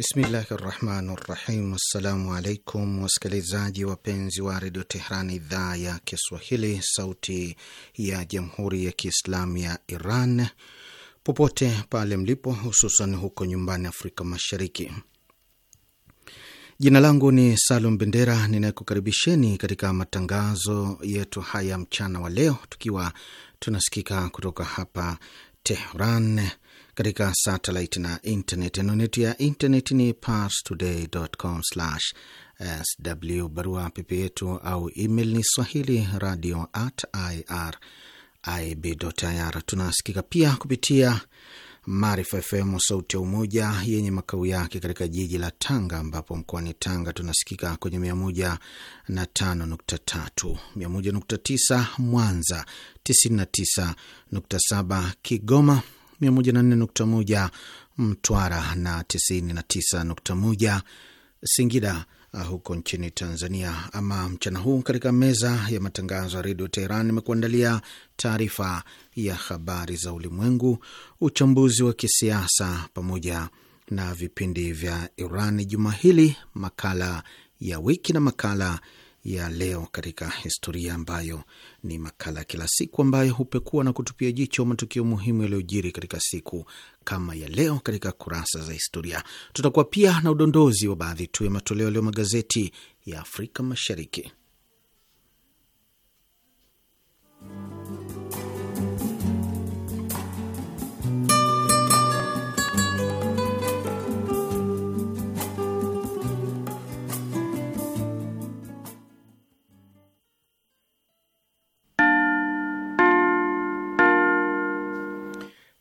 Bismillahi rahmani rahim. Assalamu alaikum wasikilizaji wapenzi wa redio Tehran, idhaa ya Kiswahili, sauti ya jamhuri ya kiislamu ya Iran, popote pale mlipo, hususan huko nyumbani Afrika Mashariki. Jina langu ni Salum Bendera, ninakukaribisheni katika matangazo yetu haya mchana wa leo, tukiwa tunasikika kutoka hapa Tehran katika satelit na internet. Anwani yetu ya internet ni parstoday.com/sw. Barua pepe yetu au email ni swahili radio at irib.ir. Tunasikika pia kupitia Maarifa FM sauti ya Umoja yenye makao yake katika jiji la Tanga, ambapo mkoani Tanga tunasikika kwenye mia moja na tano nukta tatu, mia moja nukta tisa Mwanza, tisini na tisa nukta saba Kigoma, 104.1 Mtwara na 99.1 Singida uh, huko nchini Tanzania. Ama mchana huu katika meza ya matangazo ya redio Teheran imekuandalia taarifa ya habari za ulimwengu, uchambuzi wa kisiasa, pamoja na vipindi vya Iran juma hili, makala ya wiki na makala ya leo katika historia ambayo ni makala kila siku ambayo hupekua na kutupia jicho matukio muhimu yaliyojiri katika siku kama ya leo katika kurasa za historia. Tutakuwa pia na udondozi wa baadhi tu ya matoleo yaliyo magazeti ya Afrika Mashariki.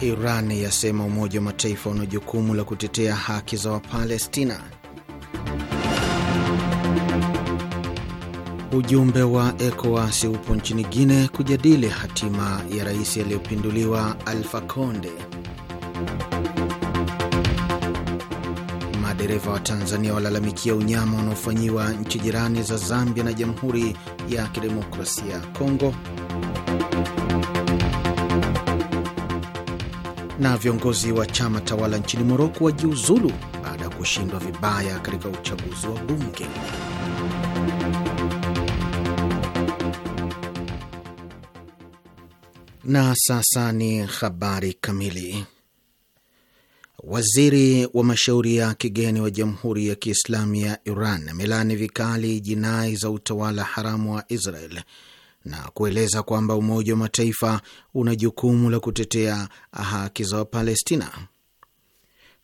Iran yasema Umoja wa Mataifa una jukumu la kutetea haki za Wapalestina. Ujumbe wa ECOWAS upo nchini Guine kujadili hatima ya rais aliyopinduliwa Alfa Conde. Madereva wa Tanzania walalamikia unyama unaofanyiwa nchi jirani za Zambia na Jamhuri ya Kidemokrasia ya Kongo. na viongozi wa chama tawala nchini Moroko wajiuzulu baada ya kushindwa vibaya katika uchaguzi wa bunge. Na sasa ni habari kamili. Waziri wa mashauri ya kigeni wa Jamhuri ya Kiislamu ya Iran amelaani vikali jinai za utawala haramu wa Israel na kueleza kwamba Umoja wa Mataifa una jukumu la kutetea haki za Wapalestina.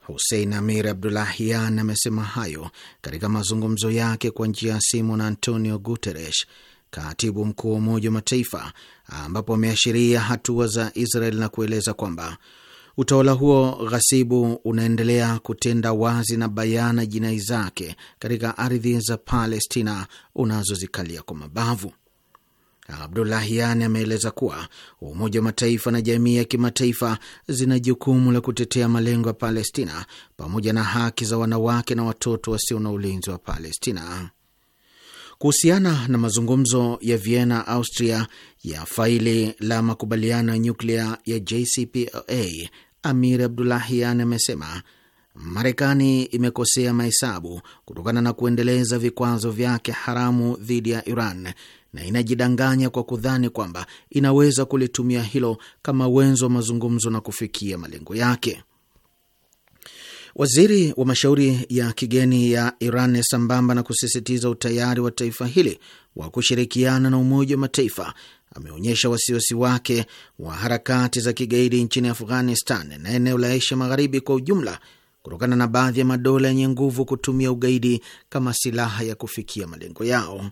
husein Amir Abdulahian amesema hayo katika mazungumzo yake kwa njia ya simu na Antonio Guterres, katibu mkuu wa Umoja wa Mataifa, ambapo ameashiria hatua za Israel na kueleza kwamba utawala huo ghasibu unaendelea kutenda wazi na bayana jinai zake katika ardhi za Palestina unazozikalia kwa mabavu. Abdulahian ameeleza kuwa Umoja wa Mataifa na jamii ya kimataifa zina jukumu la kutetea malengo ya Palestina pamoja na haki za wanawake na watoto wasio na ulinzi wa Palestina. Kuhusiana na mazungumzo ya Vienna, Austria, ya faili la makubaliano ya nyuklia ya JCPOA, Amir Abdulahian amesema Marekani imekosea mahesabu kutokana na kuendeleza vikwazo vyake haramu dhidi ya Iran na inajidanganya kwa kudhani kwamba inaweza kulitumia hilo kama wenzo wa mazungumzo na kufikia malengo yake. Waziri wa mashauri ya kigeni ya Iran, sambamba na kusisitiza utayari wa taifa hili wa kushirikiana na Umoja wa Mataifa, ameonyesha wasiwasi wake wa harakati za kigaidi nchini Afghanistan na eneo la Asia Magharibi kwa ujumla kutokana na baadhi ya madola yenye nguvu kutumia ugaidi kama silaha ya kufikia malengo yao.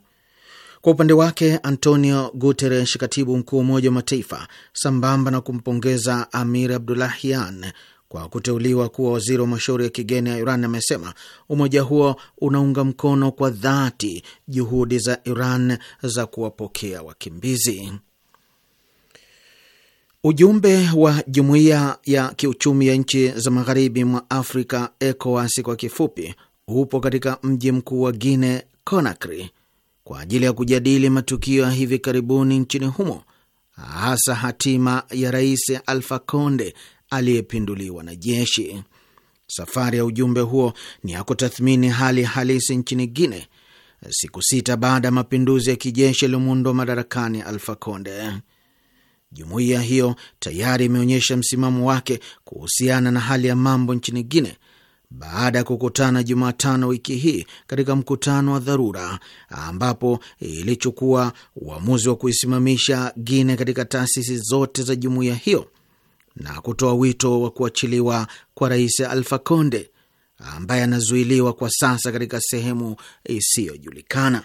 Kwa upande wake Antonio Guterres, katibu mkuu wa Umoja wa Mataifa, sambamba na kumpongeza Amir Abdulahian kwa kuteuliwa kuwa waziri wa mashauri ya kigeni ya Iran, amesema umoja huo unaunga mkono kwa dhati juhudi za Iran za kuwapokea wakimbizi. Ujumbe wa Jumuiya ya Kiuchumi ya Nchi za Magharibi mwa Afrika, ECOWAS kwa kifupi, upo katika mji mkuu wa Guinea Conakry kwa ajili ya kujadili matukio ya hivi karibuni nchini humo, hasa hatima ya Rais Alfa Conde aliyepinduliwa na jeshi. Safari ya ujumbe huo ni ya kutathmini hali halisi nchini Guine siku sita baada ya mapinduzi ya kijeshi yaliyomuundwa madarakani Alfa Conde. Jumuiya hiyo tayari imeonyesha msimamo wake kuhusiana na hali ya mambo nchini Guine baada ya kukutana Jumatano wiki hii katika mkutano wa dharura ambapo ilichukua uamuzi wa kuisimamisha Guine katika taasisi zote za jumuiya hiyo na kutoa wito wa kuachiliwa kwa Rais Alfa Conde ambaye anazuiliwa kwa sasa katika sehemu isiyojulikana.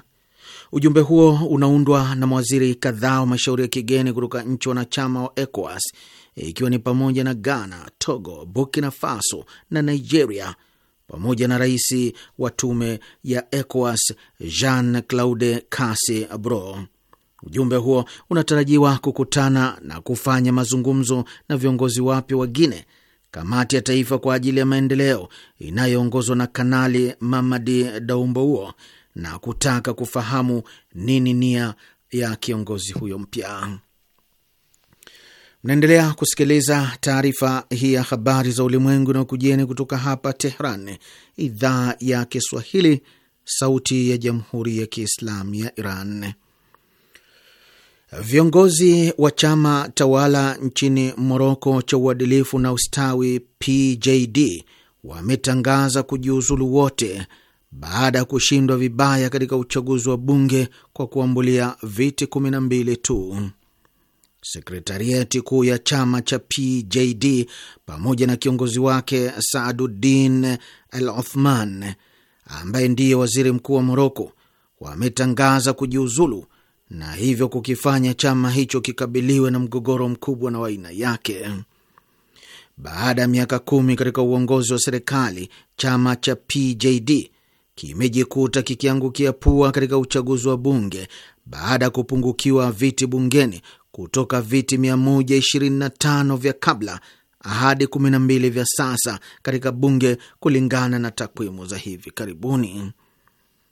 Ujumbe huo unaundwa na mawaziri kadhaa wa mashauri ya kigeni kutoka nchi wanachama wa ECOWAS, ikiwa ni pamoja na Ghana, Togo, Burkina Faso na Nigeria, pamoja na rais wa tume ya ECOWAS Jean Claude casi Bro. Ujumbe huo unatarajiwa kukutana na kufanya mazungumzo na viongozi wapya wa Guine, kamati ya taifa kwa ajili ya maendeleo inayoongozwa na Kanali Mamadi Daumbo huo na kutaka kufahamu nini nia ya kiongozi huyo mpya. Mnaendelea kusikiliza taarifa hii ya habari za ulimwengu na ukujeni kutoka hapa Tehran, idhaa ya Kiswahili, sauti ya jamhuri ya kiislamu ya Iran. Viongozi wa chama tawala nchini Moroko cha uadilifu na ustawi PJD wametangaza kujiuzulu wote baada ya kushindwa vibaya katika uchaguzi wa bunge kwa kuambulia viti 12 tu. sekretarieti kuu ya chama cha PJD pamoja na kiongozi wake Saaduddin Al Othman ambaye ndiye waziri mkuu wa Moroko wametangaza kujiuzulu na hivyo kukifanya chama hicho kikabiliwe na mgogoro mkubwa na wa aina yake. Baada ya miaka kumi katika uongozi wa serikali, chama cha PJD kimejikuta kikiangukia pua katika uchaguzi wa bunge baada ya kupungukiwa viti bungeni kutoka viti 125 vya kabla hadi 12 vya sasa katika bunge kulingana na takwimu za hivi karibuni.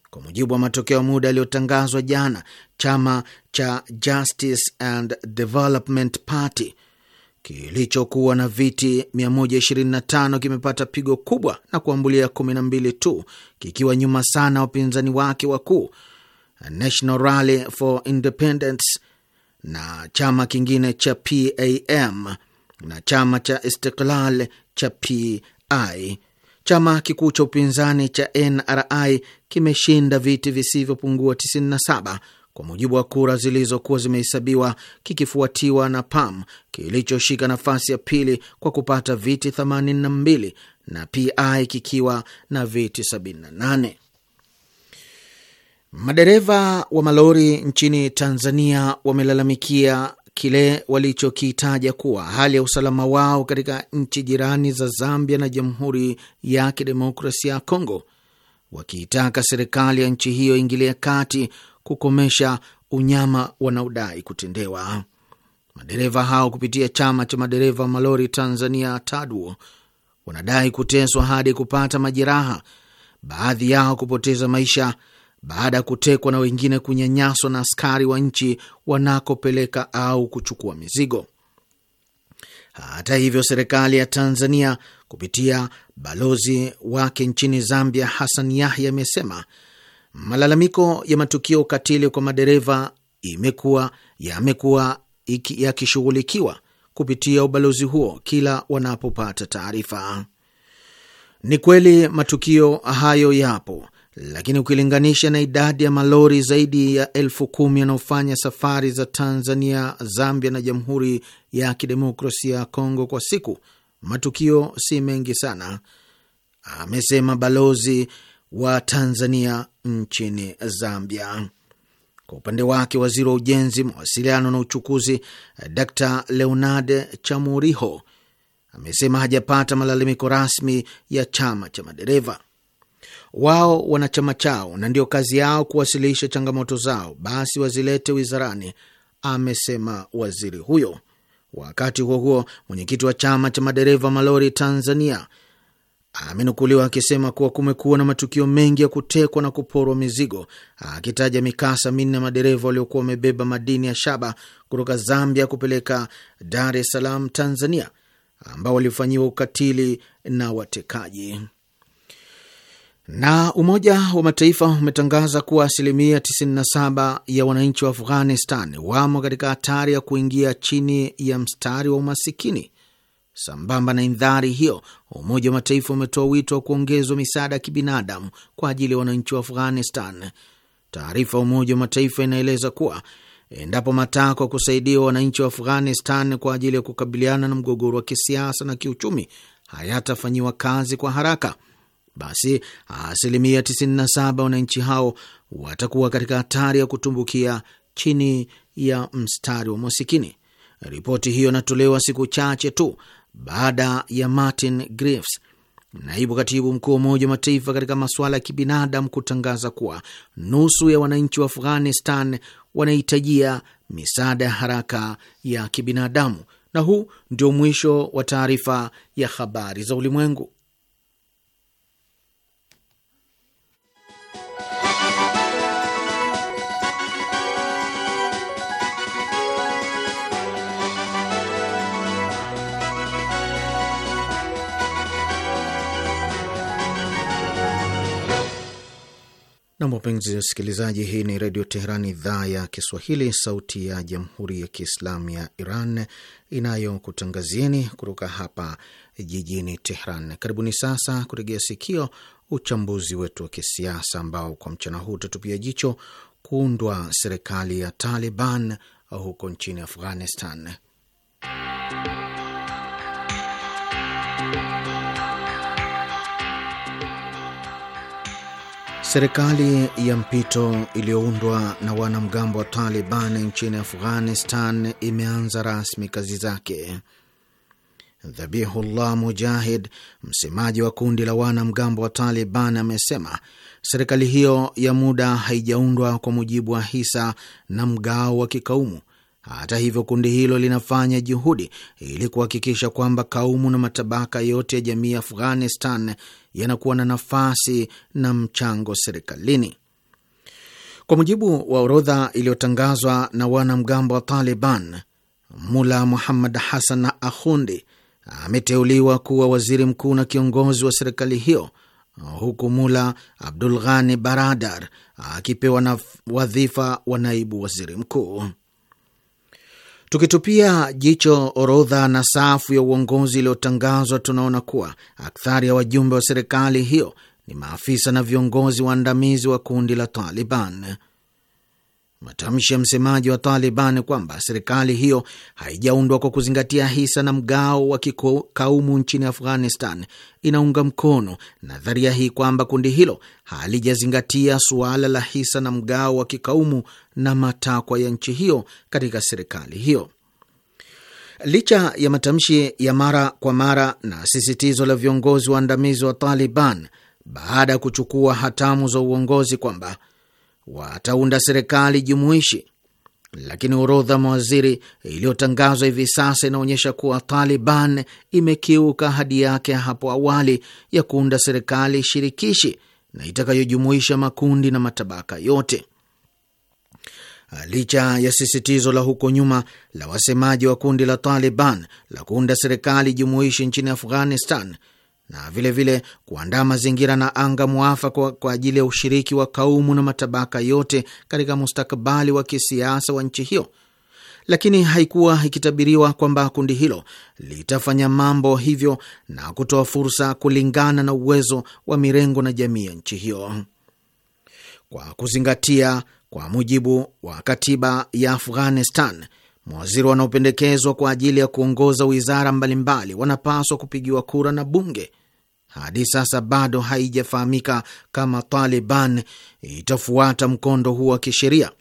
Kwa mujibu wa matokeo ya muda yaliyotangazwa jana, chama cha Justice and Development Party kilichokuwa na viti 125 kimepata pigo kubwa na kuambulia 12 tu, kikiwa nyuma sana wapinzani wake wakuu National Rally for Independence na chama kingine cha PAM na chama cha Istiklal cha PI. Chama kikuu cha upinzani cha NRI kimeshinda viti visivyopungua 97 kwa mujibu wa kura zilizokuwa zimehesabiwa, kikifuatiwa na PAM kilichoshika nafasi ya pili kwa kupata viti 82 na PI kikiwa na viti 78. Madereva wa malori nchini Tanzania wamelalamikia kile walichokitaja kuwa hali ya usalama wao katika nchi jirani za Zambia na Jamhuri ya Kidemokrasia ya Kongo, wakiitaka serikali ya nchi hiyo ingilia kati kukomesha unyama wanaodai kutendewa. Madereva hao kupitia chama cha madereva malori Tanzania TADWO wanadai kuteswa hadi kupata majeraha, baadhi yao kupoteza maisha baada ya kutekwa na wengine kunyanyaswa na askari wa nchi wanakopeleka au kuchukua mizigo. Hata hivyo, serikali ya Tanzania kupitia balozi wake nchini Zambia Hassan Yahya amesema Malalamiko ya matukio ukatili kwa madereva imekuwa yamekuwa yakishughulikiwa kupitia ubalozi huo kila wanapopata taarifa. Ni kweli matukio hayo yapo, lakini ukilinganisha na idadi ya malori zaidi ya elfu kumi yanayofanya safari za Tanzania, Zambia na Jamhuri ya Kidemokrasia ya Kongo kwa siku, matukio si mengi sana, amesema balozi wa Tanzania nchini Zambia. Kwa upande wake, waziri wa ujenzi, mawasiliano na uchukuzi Dr Leonard Chamuriho amesema hajapata malalamiko rasmi ya chama cha madereva. Wao wana chama chao na ndio kazi yao kuwasilisha changamoto zao, basi wazilete wizarani, amesema waziri huyo. Wakati huo huo, mwenyekiti wa chama cha madereva malori Tanzania amenukuliwa akisema kuwa kumekuwa na matukio mengi ya kutekwa na kuporwa mizigo, akitaja mikasa minne ya madereva waliokuwa wamebeba madini ya shaba kutoka Zambia kupeleka Dar es Salaam, Tanzania, ambao walifanyiwa ukatili na watekaji. Na Umoja wa Mataifa umetangaza kuwa asilimia 97 ya wananchi wa Afghanistan wamo katika hatari ya kuingia chini ya mstari wa umasikini Sambamba na indhari hiyo, Umoja wa Mataifa umetoa wito wa kuongezwa misaada ya kibinadamu kwa ajili ya wananchi wa Afghanistan. Taarifa ya Umoja wa Mataifa inaeleza kuwa endapo matakwa kusaidia wananchi wa Afghanistan kwa ajili ya kukabiliana na mgogoro wa kisiasa na kiuchumi hayatafanyiwa kazi kwa haraka, basi asilimia 97 wananchi hao watakuwa katika hatari ya kutumbukia chini ya mstari wa masikini. Ripoti hiyo inatolewa siku chache tu baada ya Martin Griffiths, naibu katibu mkuu wa Umoja wa Mataifa katika masuala ya kibinadamu, kutangaza kuwa nusu ya wananchi wa Afghanistan wanahitajia misaada ya haraka ya kibinadamu. Na huu ndio mwisho wa taarifa ya habari za ulimwengu. Nam, wapenzi wasikilizaji, hii ni Redio Teheran, idhaa ya Kiswahili, sauti ya Jamhuri ya Kiislamu ya Iran inayokutangazieni kutoka hapa jijini Teheran. Karibuni sasa kuregea sikio uchambuzi wetu wa kisiasa ambao kwa mchana huu utatupia jicho kuundwa serikali ya Taliban huko nchini Afghanistan. Serikali ya mpito iliyoundwa na wanamgambo wa Taliban nchini Afghanistan imeanza rasmi kazi zake. Dhabihullah Mujahid, msemaji wa kundi la wanamgambo wa Taliban, amesema serikali hiyo ya muda haijaundwa kwa mujibu wa hisa na mgao wa kikaumu. Hata hivyo, kundi hilo linafanya juhudi ili kuhakikisha kwamba kaumu na matabaka yote ya jamii ya Afghanistan yanakuwa na nafasi na mchango serikalini. Kwa mujibu wa orodha iliyotangazwa na wanamgambo wa Taliban, Mula Muhammad Hassan Akhundi ameteuliwa kuwa waziri mkuu na kiongozi wa serikali hiyo huku Mula Abdul Ghani Baradar akipewa wadhifa wa naibu waziri mkuu. Tukitupia jicho orodha na safu ya uongozi iliyotangazwa, tunaona kuwa akthari ya wajumbe wa serikali hiyo ni maafisa na viongozi waandamizi wa kundi la Taliban. Matamshi ya msemaji wa Taliban kwamba serikali hiyo haijaundwa kwa kuzingatia hisa na mgao wa kikaumu nchini Afghanistan inaunga mkono nadharia hii kwamba kundi hilo halijazingatia suala la hisa na mgao wa kikaumu na matakwa ya nchi hiyo katika serikali hiyo. Licha ya matamshi ya mara kwa mara na sisitizo la viongozi waandamizi wa Taliban baada ya kuchukua hatamu za uongozi kwamba wataunda serikali jumuishi, lakini orodha mawaziri iliyotangazwa hivi sasa inaonyesha kuwa Taliban imekiuka ahadi yake hapo awali ya kuunda serikali shirikishi na itakayojumuisha makundi na matabaka yote. Licha ya sisitizo la huko nyuma la wasemaji wa kundi la Taliban la kuunda serikali jumuishi nchini Afghanistan, na vilevile kuandaa mazingira na anga mwafaka kwa ajili ya ushiriki wa kaumu na matabaka yote katika mustakabali wa kisiasa wa nchi hiyo, lakini haikuwa ikitabiriwa kwamba kundi hilo litafanya mambo hivyo na kutoa fursa kulingana na uwezo wa mirengo na jamii ya nchi hiyo kwa kuzingatia, kwa mujibu wa katiba ya Afghanistan Mawaziri wanaopendekezwa kwa ajili ya kuongoza wizara mbalimbali wanapaswa kupigiwa kura na bunge. Hadi sasa bado haijafahamika kama Taliban itafuata mkondo huo wa kisheria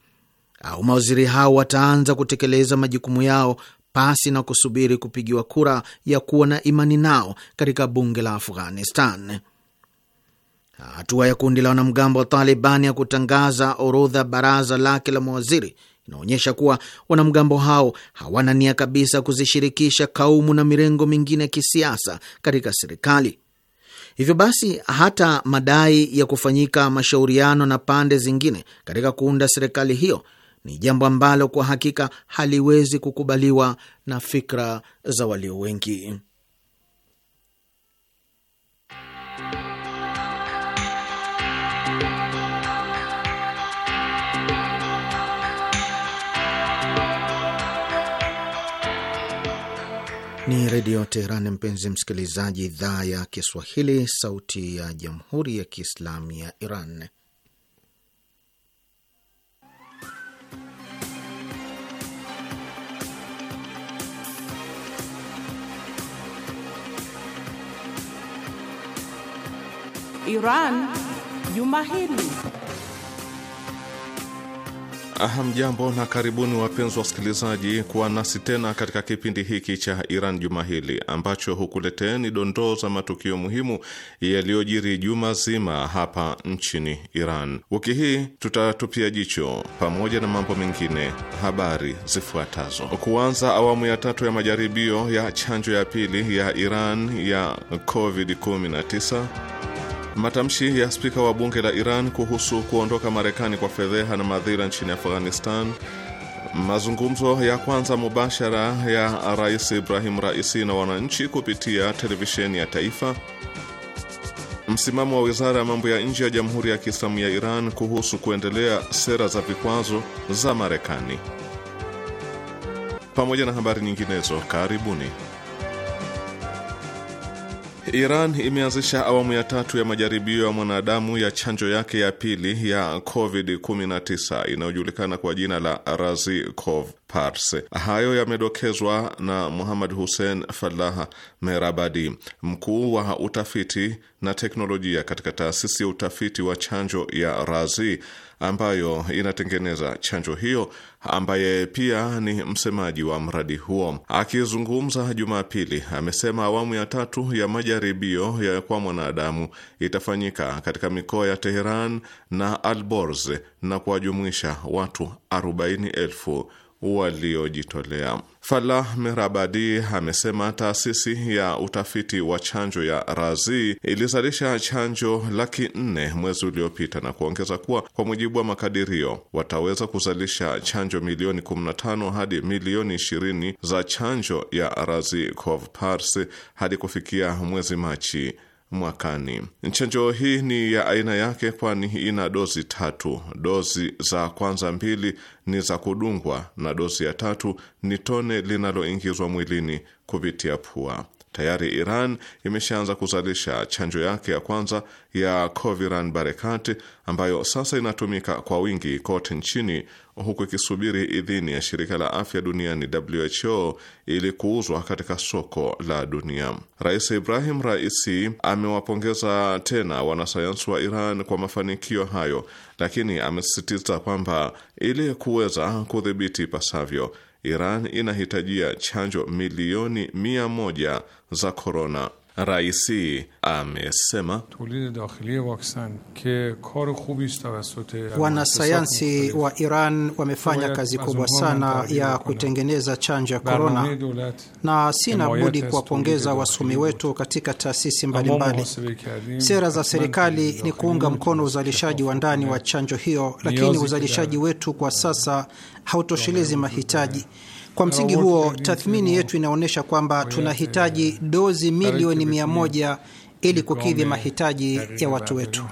au mawaziri hao wataanza kutekeleza majukumu yao pasi na kusubiri kupigiwa kura ya kuwa na imani nao katika bunge la Afghanistan. Hatua ya kundi la wanamgambo wa Taliban ya kutangaza orodha baraza lake la mawaziri inaonyesha kuwa wanamgambo hao hawana nia kabisa kuzishirikisha kaumu na mirengo mingine ya kisiasa katika serikali. Hivyo basi hata madai ya kufanyika mashauriano na pande zingine katika kuunda serikali hiyo ni jambo ambalo kwa hakika haliwezi kukubaliwa na fikra za walio wengi. Ni Redio Teheran, mpenzi msikilizaji, idhaa ya Kiswahili, sauti ya jamhuri ya kiislamu ya Iran. Iran Juma Hili. Hamjambo na karibuni wapenzi wasikilizaji, kuwa nasi tena katika kipindi hiki cha Iran juma hili ambacho hukuleteeni dondoo za matukio muhimu yaliyojiri juma zima hapa nchini Iran. Wiki hii tutatupia jicho, pamoja na mambo mengine, habari zifuatazo: kuanza awamu ya tatu ya majaribio ya chanjo ya pili ya Iran ya COVID-19 Matamshi ya spika wa bunge la Iran kuhusu kuondoka Marekani kwa fedheha na madhira nchini Afghanistan, mazungumzo ya kwanza mubashara ya Rais Ibrahim Raisi na wananchi kupitia televisheni ya taifa, msimamo wa wizara ya mambo ya nje ya Jamhuri ya Kiislamu ya Iran kuhusu kuendelea sera za vikwazo za Marekani, pamoja na habari nyinginezo. Karibuni. Iran imeanzisha awamu ya tatu ya majaribio ya mwanadamu ya chanjo yake ya pili ya COVID-19 inayojulikana kwa jina la Razikov. Pars. Hayo yamedokezwa na Muhammad Hussein Falah Merabadi, mkuu wa utafiti na teknolojia katika taasisi ya utafiti wa chanjo ya Razi ambayo inatengeneza chanjo hiyo, ambaye pia ni msemaji wa mradi huo. Akizungumza Jumapili, amesema awamu ya tatu ya majaribio ya kwa mwanadamu itafanyika katika mikoa ya Teheran na Alborz na kuwajumuisha watu elfu arobaini waliojitolea. Falah Mirabadi amesema taasisi ya utafiti wa chanjo ya Razi ilizalisha chanjo laki nne mwezi uliopita na kuongeza kuwa kwa mujibu wa makadirio wataweza kuzalisha chanjo milioni 15 hadi milioni 20 za chanjo ya Razi Covpars hadi kufikia mwezi Machi mwakani. Chanjo hii ni ya aina yake, kwani ina dozi tatu. Dozi za kwanza mbili ni za kudungwa na dozi ya tatu ni tone linaloingizwa mwilini kupitia pua. Tayari Iran imeshaanza kuzalisha chanjo yake ya kwanza ya Coviran Barekat ambayo sasa inatumika kwa wingi kote nchini huku ikisubiri idhini ya shirika la afya duniani WHO ili kuuzwa katika soko la dunia. Rais Ibrahim Raisi amewapongeza tena wanasayansi wa Iran kwa mafanikio hayo, lakini amesisitiza kwamba ili kuweza kudhibiti ipasavyo Iran inahitajia chanjo milioni mia moja za korona. Raisi amesema wanasayansi wa Iran wamefanya kazi kubwa sana ya kutengeneza chanjo ya korona, na sina budi kuwapongeza wasomi wetu katika taasisi mbalimbali. Sera za serikali ni kuunga mkono uzalishaji wa ndani wa chanjo hiyo, lakini uzalishaji wetu kwa sasa hautoshelezi mahitaji kwa msingi huo, tathmini yetu inaonyesha kwamba tunahitaji dozi milioni mia moja ili kukidhi mahitaji ya watu wetu.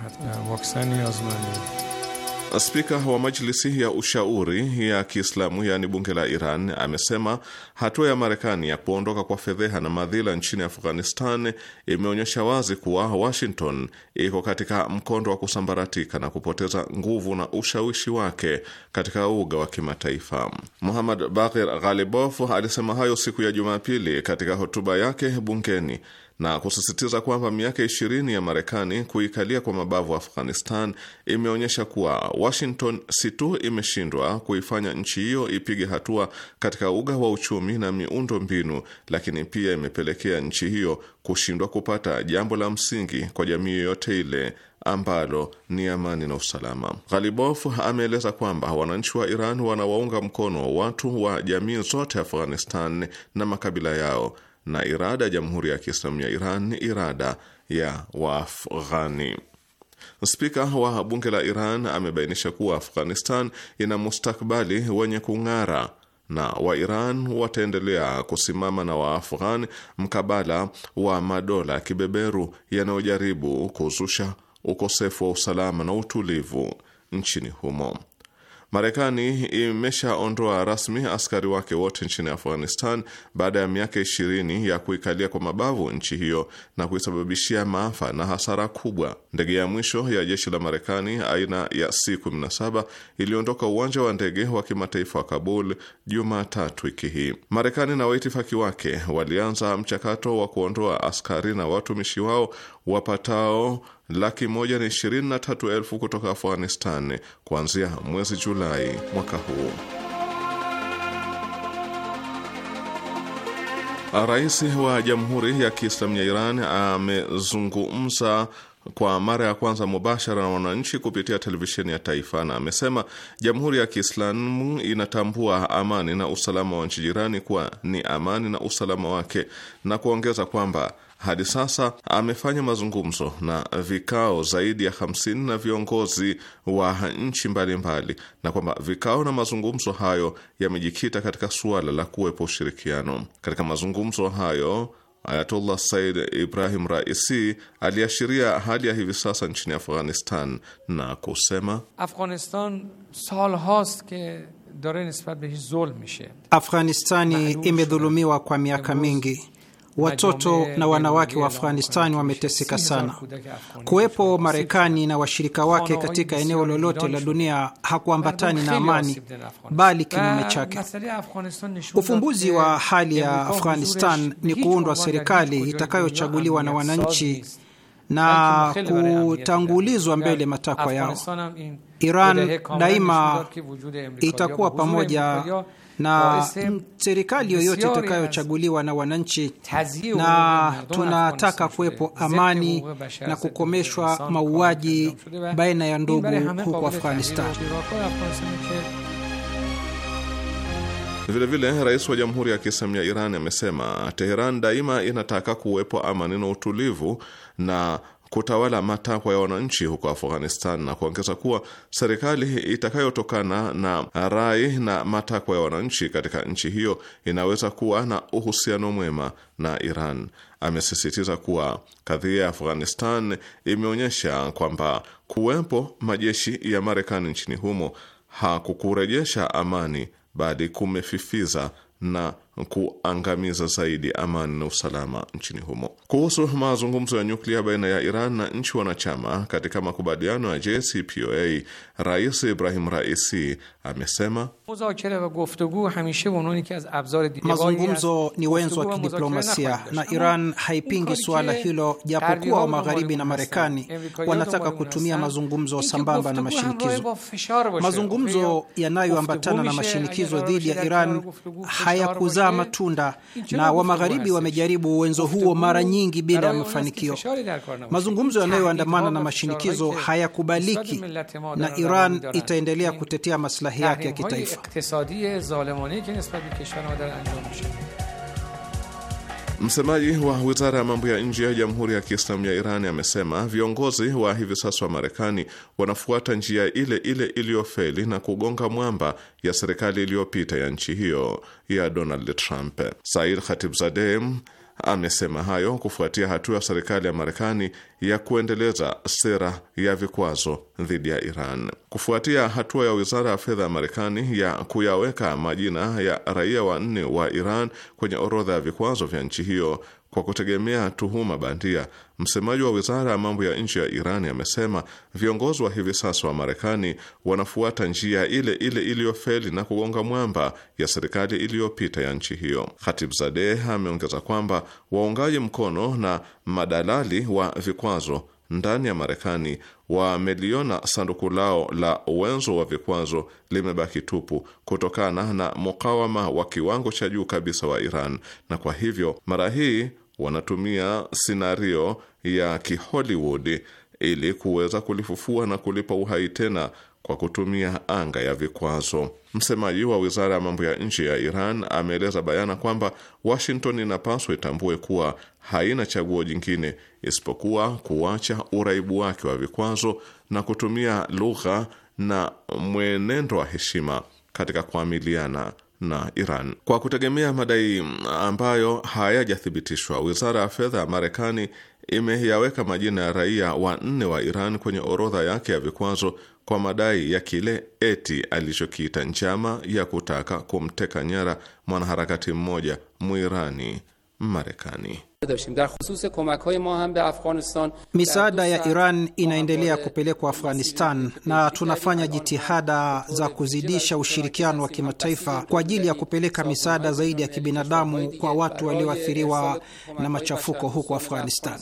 Spika wa Majlisi ya Ushauri ya Kiislamu yaani bunge la Iran amesema hatua ya Marekani ya kuondoka kwa fedheha na madhila nchini Afghanistan imeonyesha wazi kuwa Washington iko katika mkondo wa kusambaratika na kupoteza nguvu na ushawishi wake katika uga wa kimataifa. Muhammad bahir ghalibof alisema hayo siku ya Jumapili katika hotuba yake bungeni na kusisitiza kwamba miaka ishirini ya Marekani kuikalia kwa mabavu Afghanistan imeonyesha kuwa Washington si tu imeshindwa kuifanya nchi hiyo ipige hatua katika uga wa uchumi na miundo mbinu, lakini pia imepelekea nchi hiyo kushindwa kupata jambo la msingi kwa jamii yoyote ile ambalo ni amani na usalama. Ghalibof ameeleza kwamba wananchi wa Iran wanawaunga mkono watu wa jamii zote Afghanistan na makabila yao na irada ya Jamhuri ya Kiislamu ya Iran ni irada ya Waafghani. Spika wa bunge la Iran amebainisha kuwa Afghanistan ina mustakbali wenye kung'ara na Wairan wataendelea kusimama na Waafghan mkabala wa madola kibeberu yanayojaribu kuzusha ukosefu wa usalama na utulivu nchini humo. Marekani imeshaondoa rasmi askari wake wote nchini Afghanistan baada ya miaka ishirini ya kuikalia kwa mabavu nchi hiyo na kuisababishia maafa na hasara kubwa. Ndege ya mwisho ya jeshi la Marekani aina ya C-17 iliondoka uwanja wa ndege wa kimataifa wa Kabul Jumatatu wiki hii. Marekani na waitifaki wake walianza mchakato wa kuondoa askari na watumishi wao wapatao laki moja na ishirini na tatu elfu kutoka Afghanistan kuanzia mwezi Julai mwaka huu. Rais wa Jamhuri ya Kiislamu ya Iran amezungumza kwa mara ya kwanza mubashara na wananchi kupitia televisheni ya taifa, na amesema Jamhuri ya Kiislamu inatambua amani na usalama wa nchi jirani kuwa ni amani na usalama wake, na kuongeza kwamba hadi sasa amefanya mazungumzo na vikao zaidi ya hamsini na viongozi wa nchi mbalimbali, na kwamba vikao na mazungumzo hayo yamejikita katika suala la kuwepo ushirikiano. Katika mazungumzo hayo Ayatollah Said Ibrahim Raisi aliashiria hali ya hivi sasa nchini Afghanistan na kusema, Afghanistan ke nisbat behi zulm mishe, Afghanistani imedhulumiwa kwa miaka mingi Watoto na wanawake wa Afghanistani wameteseka sana. Kuwepo Marekani na washirika wake katika eneo lolote la dunia hakuambatani na amani, bali kinyume chake. Ufumbuzi wa hali ya Afghanistan ni kuundwa serikali itakayochaguliwa na wananchi na kutangulizwa mbele matakwa yao. Iran daima itakuwa pamoja na serikali yoyote itakayochaguliwa na wananchi, na tunataka kuwepo amani na kukomeshwa mauaji baina ya ndugu huko Afghanistan. Vilevile vile, rais wa Jamhuri ya Kiislamu ya Iran amesema Teheran daima inataka kuwepo amani na utulivu na kutawala matakwa ya wananchi huko Afghanistan na kuongeza kuwa serikali itakayotokana na rai na matakwa ya wananchi katika nchi hiyo inaweza kuwa na uhusiano mwema na Iran. Amesisitiza kuwa kadhia ya Afghanistan imeonyesha kwamba kuwepo majeshi ya Marekani nchini humo hakukurejesha amani, bali kumefifiza na kuangamiza zaidi amani na usalama nchini humo. Kuhusu mazungumzo ya nyuklia baina ya Iran na nchi wanachama katika makubaliano ya JCPOA, Rais Ibrahim Raisi amesema mazungumzo ni wenzo wa kidiplomasia na Iran haipingi suala hilo, japokuwa wa Magharibi na Marekani wanataka kutumia mazungumzo sambamba na mashinikizo. Mazungumzo yanayoambatana na mashinikizo dhidi ya Iran hayakuza kuzaa matunda na wa Magharibi wamejaribu uwenzo huo mara nyingi bila ya mafanikio. Mazungumzo yanayoandamana na mashinikizo hayakubaliki, na Iran itaendelea kutetea maslahi yake ya kitaifa. Msemaji wa wizara ya mambo ya nje ya Jamhuri ya Kiislamu ya Iran amesema viongozi wa hivi sasa wa Marekani wanafuata njia ile ile iliyofeli na kugonga mwamba ya serikali iliyopita ya nchi hiyo ya Donald Trump. Said Khatibzadeh Amesema hayo kufuatia hatua ya serikali ya Marekani ya kuendeleza sera ya vikwazo dhidi ya Iran. Kufuatia hatua ya wizara ya fedha ya Marekani ya kuyaweka majina ya raia wanne wa Iran kwenye orodha ya vikwazo vya nchi hiyo, kwa kutegemea tuhuma bandia. Msemaji wa wizara ya mambo ya nje ya Irani amesema viongozi wa hivi sasa wa Marekani wanafuata njia ile ile iliyofeli na kugonga mwamba ya serikali iliyopita ya nchi hiyo. Khatibzadeh ameongeza kwamba waungaji mkono na madalali wa vikwazo ndani ya Marekani wameliona sanduku lao la wenzo wa vikwazo limebaki tupu kutokana na mukawama wa kiwango cha juu kabisa wa Iran, na kwa hivyo mara hii wanatumia sinario ya kihollywood ili kuweza kulifufua na kulipa uhai tena kwa kutumia anga ya vikwazo. Msemaji wa wizara ya mambo ya nje ya Iran ameeleza bayana kwamba Washington inapaswa itambue kuwa haina chaguo jingine isipokuwa kuacha uraibu wake wa vikwazo na kutumia lugha na mwenendo wa heshima katika kuamiliana na Iran. Kwa kutegemea madai ambayo hayajathibitishwa, wizara ya fedha ya Marekani imeyaweka majina ya raia wanne wa Iran kwenye orodha yake ya vikwazo kwa madai ya kile eti alichokiita njama ya kutaka kumteka nyara mwanaharakati mmoja Muirani Marekani. Misaada ya Iran inaendelea kupelekwa Afghanistan na tunafanya jitihada za kuzidisha ushirikiano wa kimataifa kwa ajili ya kupeleka misaada zaidi ya kibinadamu kwa watu walioathiriwa na machafuko huko Afghanistan.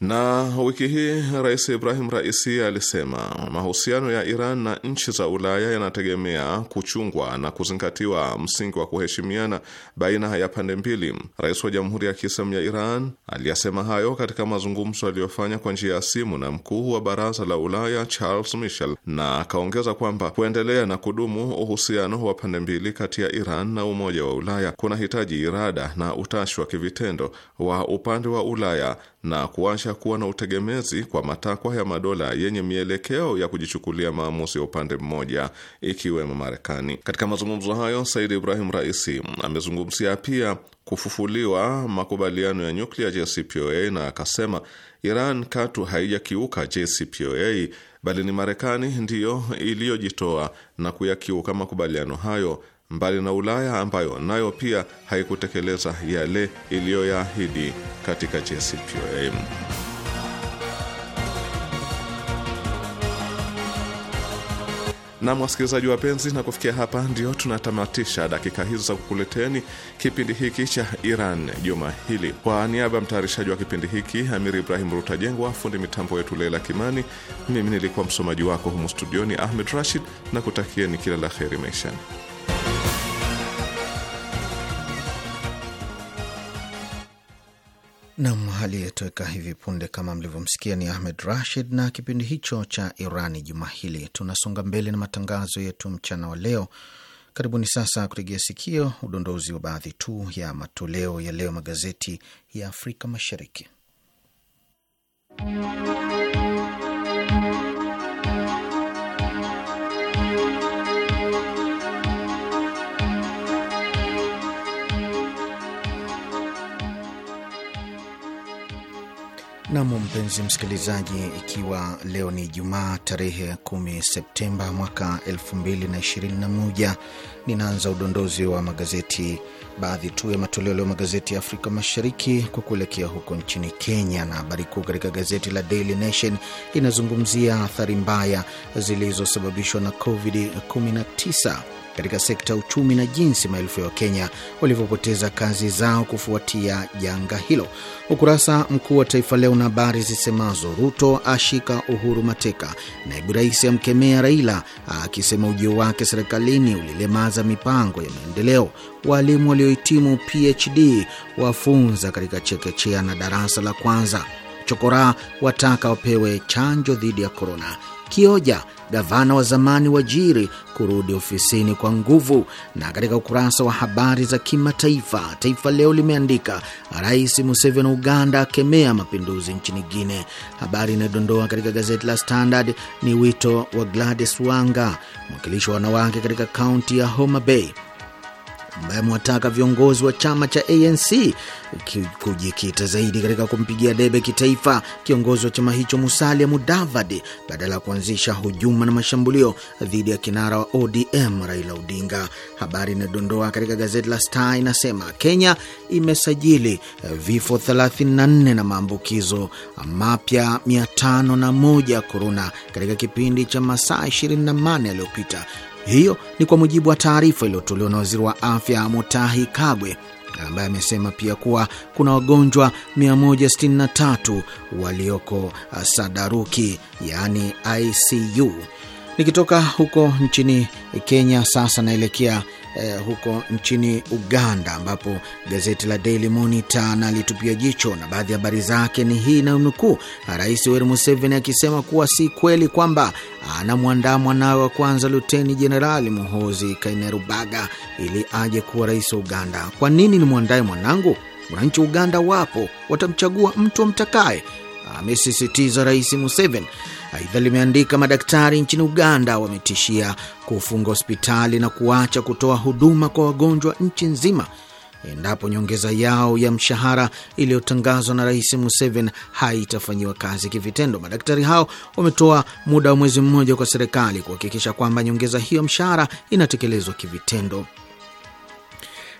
Na wiki hii Rais Ibrahim Raisi alisema mahusiano ya Iran na nchi za Ulaya yanategemea kuchungwa na kuzingatiwa msingi wa kuheshimiana baina ya pande mbili. Rais wa Jamhuri ya Kiislamu ya Iran aliyasema hayo katika mazungumzo aliyofanya kwa njia ya simu na mkuu wa Baraza la Ulaya Charles Michel, na akaongeza kwamba kuendelea na kudumu uhusiano wa pande mbili kati ya Iran na Umoja wa Ulaya kuna hitaji irada na utashi wa kivitendo wa upande wa Ulaya na kuacha kuwa na utegemezi kwa matakwa ya madola yenye mielekeo ya kujichukulia maamuzi ya upande mmoja ikiwemo Marekani. Katika mazungumzo hayo, Said Ibrahim Raisi amezungumzia pia kufufuliwa makubaliano ya nyuklia JCPOA na akasema Iran katu haijakiuka JCPOA bali ni Marekani ndiyo iliyojitoa na kuyakiuka makubaliano hayo mbali na Ulaya ambayo nayo pia haikutekeleza yale iliyoyaahidi katika JCPOA. Na wasikilizaji wapenzi, na kufikia hapa ndio tunatamatisha dakika hizo za kukuleteni kipindi hiki cha Iran juma hili. Kwa niaba ya mtayarishaji wa kipindi hiki Amiri Ibrahim Rutajengwa, fundi mitambo yetu Leila Kimani, mimi nilikuwa msomaji wako humu studioni Ahmed Rashid, na kutakieni kila la heri maishani. Nam aliyetoweka hivi punde kama mlivyomsikia ni Ahmed Rashid na kipindi hicho cha Irani juma hili. Tunasonga mbele na matangazo yetu mchana wa leo. Karibuni sasa kutegea sikio udondozi wa baadhi tu ya matoleo ya leo magazeti ya Afrika Mashariki. Nam, mpenzi msikilizaji, ikiwa leo ni Jumaa tarehe 10 Septemba mwaka 2021 ninaanza udondozi wa magazeti, baadhi tu ya matoleo leo magazeti ya Afrika Mashariki kwa kuelekea huko nchini Kenya. Na habari kuu katika gazeti la Daily Nation inazungumzia athari mbaya zilizosababishwa na COVID-19 katika sekta ya uchumi na jinsi maelfu ya Wakenya walivyopoteza kazi zao kufuatia janga hilo. Ukurasa mkuu wa Taifa Leo na habari zisemazo Ruto ashika Uhuru mateka, naibu rais amkemea Raila akisema ujio wake serikalini ulilemaza mipango ya maendeleo, walimu waliohitimu PhD wafunza katika chekechea na darasa la kwanza, chokoraa wataka wapewe chanjo dhidi ya korona Kioja, gavana wa zamani wa Jiri, kurudi ofisini kwa nguvu. Na katika ukurasa wa habari za kimataifa, Taifa Leo limeandika Rais Museveni wa Uganda akemea mapinduzi nchini Guine. Habari inayodondoa katika gazeti la Standard ni wito wa Gladys Wanga, mwakilishi wa wanawake katika kaunti ya Homa Bay ambaye amewataka viongozi wa chama cha ANC kujikita zaidi katika kumpigia debe kitaifa kiongozi wa chama hicho Musalia Mudavadi badala ya kuanzisha hujuma na mashambulio dhidi ya kinara wa ODM Raila Odinga. Habari inayodondoa katika gazeti la Star inasema Kenya imesajili eh, vifo 34 na maambukizo mapya 501 korona katika kipindi cha masaa 28 yaliyopita hiyo ni kwa mujibu wa taarifa iliyotolewa na waziri wa afya Mutahi Kagwe ambaye amesema pia kuwa kuna wagonjwa 163 walioko sadaruki yaani ICU. Nikitoka huko nchini Kenya sasa naelekea eh, huko nchini Uganda, ambapo gazeti la Daily Monitor nalitupia jicho na baadhi ya habari zake ni hii inayonukuu Rais Yoweri Museveni akisema kuwa si kweli kwamba anamwandaa mwanawe wa kwanza Luteni Jenerali Muhozi Kainerubaga ili aje kuwa rais wa Uganda. Kwa nini mwandaye mwanangu? Wananchi wa Uganda wapo, watamchagua mtu amtakaye, amesisitiza Rais Museveni. Aidha limeandika madaktari nchini Uganda wametishia kufunga hospitali na kuacha kutoa huduma kwa wagonjwa nchi nzima endapo nyongeza yao ya mshahara iliyotangazwa na Rais Museveni haitafanyiwa kazi kivitendo. Madaktari hao wametoa muda wa mwezi mmoja kwa serikali kuhakikisha kwamba nyongeza hiyo mshahara inatekelezwa kivitendo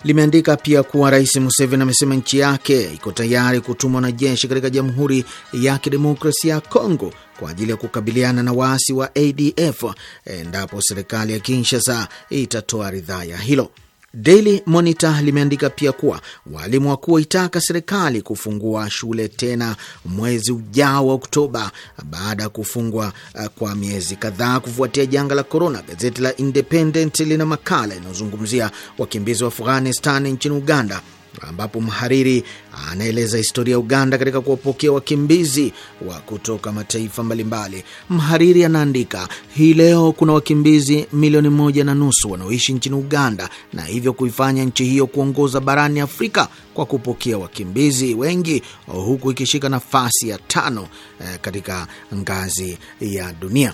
limeandika pia kuwa Rais Museveni amesema nchi yake iko tayari kutuma wanajeshi katika Jamhuri ya Kidemokrasia ya Kongo kwa ajili ya kukabiliana na waasi wa ADF endapo serikali ya Kinshasa itatoa ridhaa ya hilo. Daily Monitor limeandika pia kuwa walimu wakuu waitaka serikali kufungua shule tena mwezi ujao wa Oktoba baada ya kufungwa eh, kwa miezi kadhaa kufuatia janga la korona. Gazeti la Independent lina makala inayozungumzia wakimbizi wa Afghanistan nchini Uganda ambapo mhariri anaeleza historia ya Uganda katika kuwapokea wakimbizi wa kutoka mataifa mbalimbali. Mhariri anaandika, hii leo kuna wakimbizi milioni moja na nusu wanaoishi nchini Uganda na hivyo kuifanya nchi hiyo kuongoza barani Afrika kwa kupokea wakimbizi wengi, huku ikishika nafasi ya tano eh, katika ngazi ya dunia.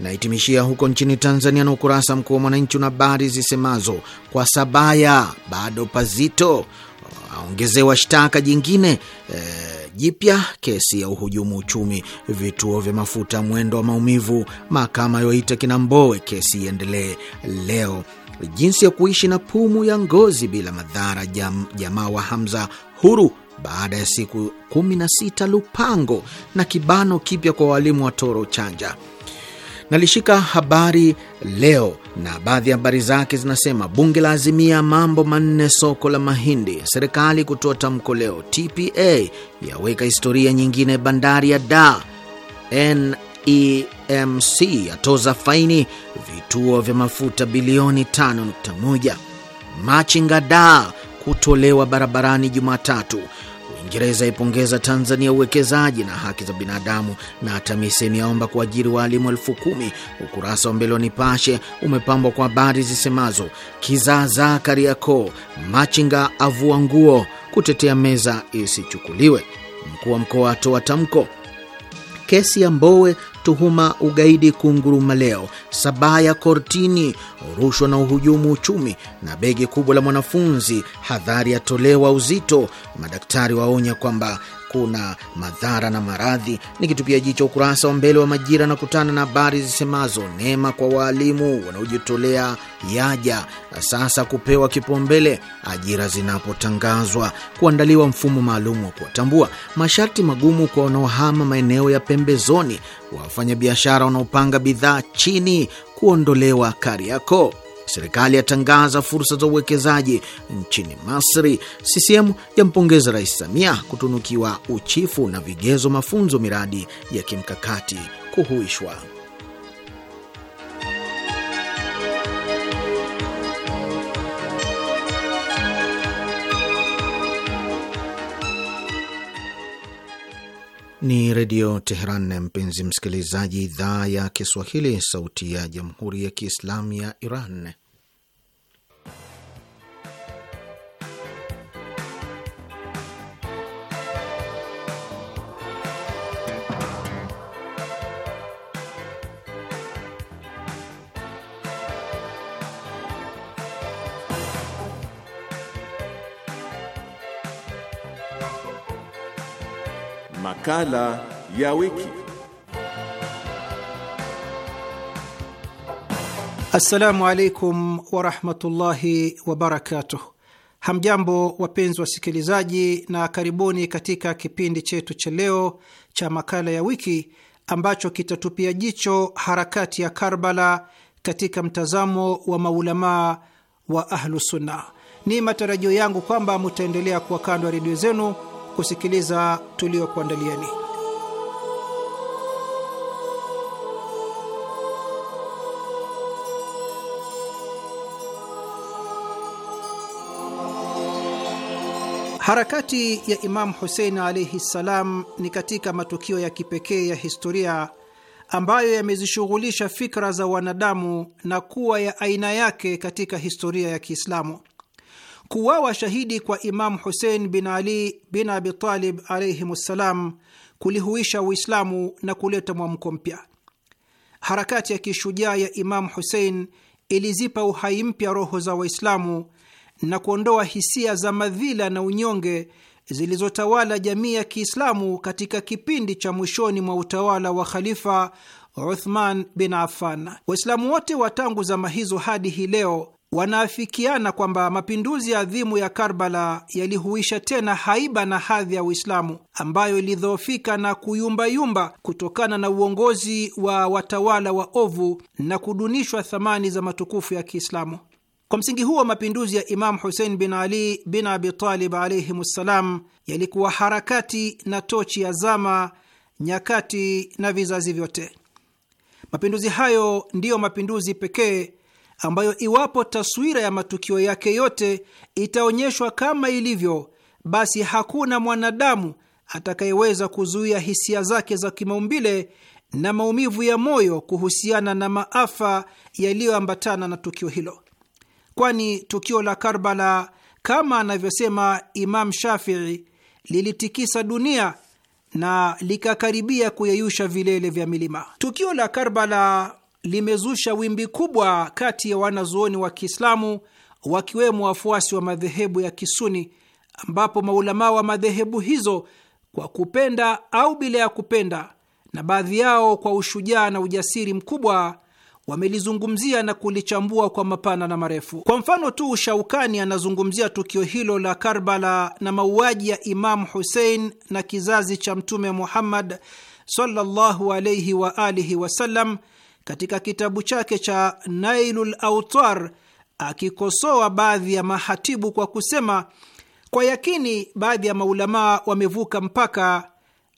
Nahitimishia huko nchini Tanzania na ukurasa mkuu wa Mwananchi una habari zisemazo kwa Sabaya bado pazito aongezewa shtaka jingine e, jipya, kesi ya uhujumu uchumi vituo vya mafuta, mwendo wa maumivu, mahakama yoita kina Mbowe, kesi iendelee leo, jinsi ya kuishi na pumu ya ngozi bila madhara, jam, jamaa wa Hamza huru baada ya siku 16 Lupango, na kibano kipya kwa walimu wa Toro Chanja. Nalishika Habari Leo na baadhi ya habari zake zinasema: bunge la azimia mambo manne soko la mahindi, serikali kutoa tamko leo, TPA yaweka historia nyingine, bandari ya Da, NEMC yatoza faini vituo vya mafuta bilioni 5.1, machinga Dar kutolewa barabarani Jumatatu Uingereza ipongeza Tanzania uwekezaji na haki za binadamu, na TAMISEMI yaomba kuajiri waalimu elfu kumi. Ukurasa wa mbele wa Nipashe umepambwa kwa habari zisemazo kizaazaa Kariakoo, machinga avua nguo kutetea meza isichukuliwe, mkuu wa mkoa atoa tamko, kesi ya Mbowe tuhuma ugaidi kunguruma leo, sabaya ya kortini, rushwa na uhujumu uchumi, na begi kubwa la mwanafunzi, hadhari yatolewa uzito, madaktari waonya kwamba kuna madhara na maradhi. Nikitupia jicho ukurasa wa mbele wa Majira na kutana na habari zisemazo neema kwa waalimu wanaojitolea yaja sasa kupewa kipaumbele ajira zinapotangazwa, kuandaliwa mfumo maalum wa kuwatambua, masharti magumu kwa wanaohama maeneo ya pembezoni, wafanyabiashara wanaopanga bidhaa chini kuondolewa Kariakoo Serikali yatangaza fursa za uwekezaji nchini Masri. CCM yampongeza Rais Samia kutunukiwa uchifu na vigezo mafunzo miradi ya kimkakati kuhuishwa. Ni Redio Teheran, mpenzi msikilizaji, idhaa ya Kiswahili, sauti ya Jamhuri ya Kiislamu ya Iran. Makala ya wiki. Assalamu alaikum warahmatullahi wabarakatuh. Hamjambo wapenzi wasikilizaji, na karibuni katika kipindi chetu cha leo cha makala ya wiki ambacho kitatupia jicho harakati ya Karbala katika mtazamo wa maulamaa wa Ahlusunna. Ni matarajio yangu kwamba mutaendelea kuwa kando ya redio zenu kusikiliza tuliokuandalieni. Harakati ya Imamu Husein alaihi ssalam ni katika matukio ya kipekee ya historia ambayo yamezishughulisha fikra za wanadamu na kuwa ya aina yake katika historia ya Kiislamu. Kuwawa shahidi kwa Imamu Husein bin Ali bin Abitalib alayhimssalam kulihuisha Uislamu na kuleta mwamko mpya. Harakati ya kishujaa ya Imamu Husein ilizipa uhai mpya roho za Waislamu na kuondoa hisia za madhila na unyonge zilizotawala jamii ya Kiislamu katika kipindi cha mwishoni mwa utawala wa Khalifa Uthman bin Affan. Waislamu wote wa tangu zama hizo hadi hii leo wanaafikiana kwamba mapinduzi ya adhimu ya Karbala yalihuisha tena haiba na hadhi ya Uislamu ambayo ilidhoofika na kuyumbayumba kutokana na uongozi wa watawala wa ovu na kudunishwa thamani za matukufu ya Kiislamu. Kwa msingi huo mapinduzi ya Imamu Husein bin Ali bin Abitalib alaihim ssalam yalikuwa harakati na tochi ya zama, nyakati na vizazi vyote. Mapinduzi hayo ndiyo mapinduzi pekee ambayo iwapo taswira ya matukio yake yote itaonyeshwa kama ilivyo, basi hakuna mwanadamu atakayeweza kuzuia hisia zake za kimaumbile na maumivu ya moyo kuhusiana na maafa yaliyoambatana na tukio hilo, kwani tukio la Karbala, kama anavyosema Imam Shafii, lilitikisa dunia na likakaribia kuyeyusha vilele vya milima. Tukio la Karbala limezusha wimbi kubwa kati ya wanazuoni wa Kiislamu wakiwemo wafuasi wa madhehebu ya Kisuni, ambapo maulamaa wa madhehebu hizo kwa kupenda au bila ya kupenda, na baadhi yao kwa ushujaa na ujasiri mkubwa wamelizungumzia na kulichambua kwa mapana na marefu. Kwa mfano tu, Shaukani anazungumzia tukio hilo la Karbala na mauaji ya Imamu Husein na kizazi cha Mtume Muhammad sallallahu alaihi wa alihi wasallam katika kitabu chake cha Nailul Autar akikosoa baadhi ya mahatibu kwa kusema, kwa yakini baadhi ya maulamaa wamevuka mpaka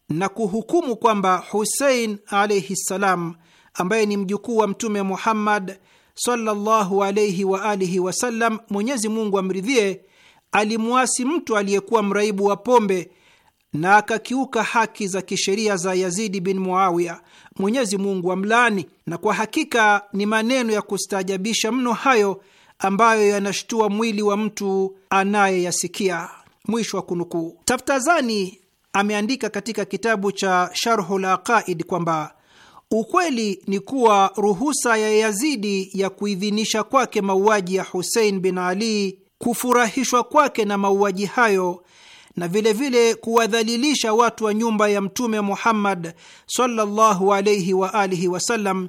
na kuhukumu kwamba Husein alaihi ssalam, ambaye ni mjukuu wa Mtume Muhammad sallallahu alaihi wa alihi wasallam, Mwenyezi Mungu amridhie, alimwasi mtu aliyekuwa mraibu wa pombe na akakiuka haki za kisheria za Yazidi bin Muawiya, Mwenyezi Mungu amlani. Na kwa hakika ni maneno ya kustaajabisha mno hayo ambayo yanashtua mwili wa mtu anayeyasikia. Mwisho wa kunukuu. Taftazani ameandika katika kitabu cha Sharhul Aqaid kwamba ukweli ni kuwa ruhusa ya Yazidi ya kuidhinisha kwake mauaji ya Husein bin Ali, kufurahishwa kwake na mauaji hayo na vilevile kuwadhalilisha watu wa nyumba ya Mtume Muhammad sallallahu alayhi wa alihi wasallam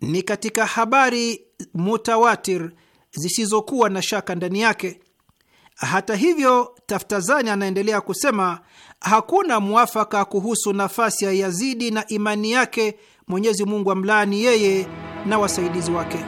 ni katika habari mutawatir zisizokuwa na shaka ndani yake. Hata hivyo, Taftazani anaendelea kusema hakuna mwafaka kuhusu nafasi ya Yazidi na imani yake, Mwenyezi Mungu amlaani yeye na wasaidizi wake.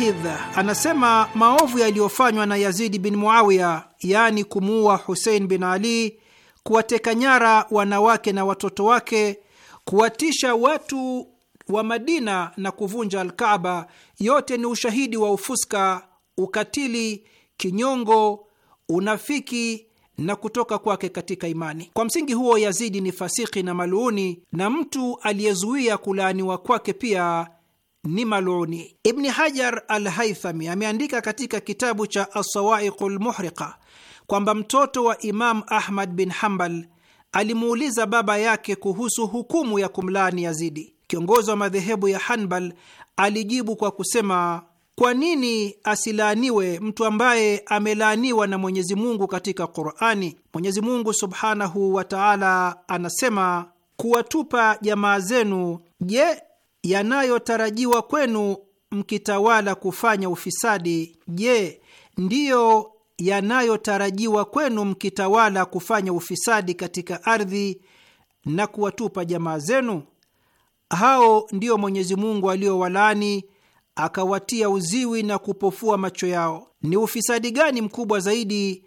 Mujahid anasema maovu yaliyofanywa na Yazidi bin Muawiya, yaani kumuua Husein bin Ali, kuwateka nyara wanawake na watoto wake, kuwatisha watu wa Madina na kuvunja Alkaaba, yote ni ushahidi wa ufuska, ukatili, kinyongo, unafiki na kutoka kwake katika imani. Kwa msingi huo, Yazidi ni fasiki na maluuni, na mtu aliyezuia kulaaniwa kwake pia ni maluni. Ibni Hajar al Haithami ameandika katika kitabu cha Assawaiqu lmuhriqa kwamba mtoto wa Imam Ahmad bin Hambal alimuuliza baba yake kuhusu hukumu ya kumlaani Yazidi. Kiongozi wa madhehebu ya Hanbal alijibu kwa kusema, kwa nini asilaaniwe mtu ambaye amelaaniwa na Mwenyezi Mungu katika Qurani? Mwenyezi Mungu subhanahu wa taala anasema, kuwatupa jamaa zenu, je, yanayotarajiwa kwenu mkitawala kufanya ufisadi? Je, ndiyo yanayotarajiwa kwenu mkitawala kufanya ufisadi katika ardhi na kuwatupa jamaa zenu? Hao ndiyo Mwenyezi Mungu aliowalani akawatia uziwi na kupofua macho yao. Ni ufisadi gani mkubwa zaidi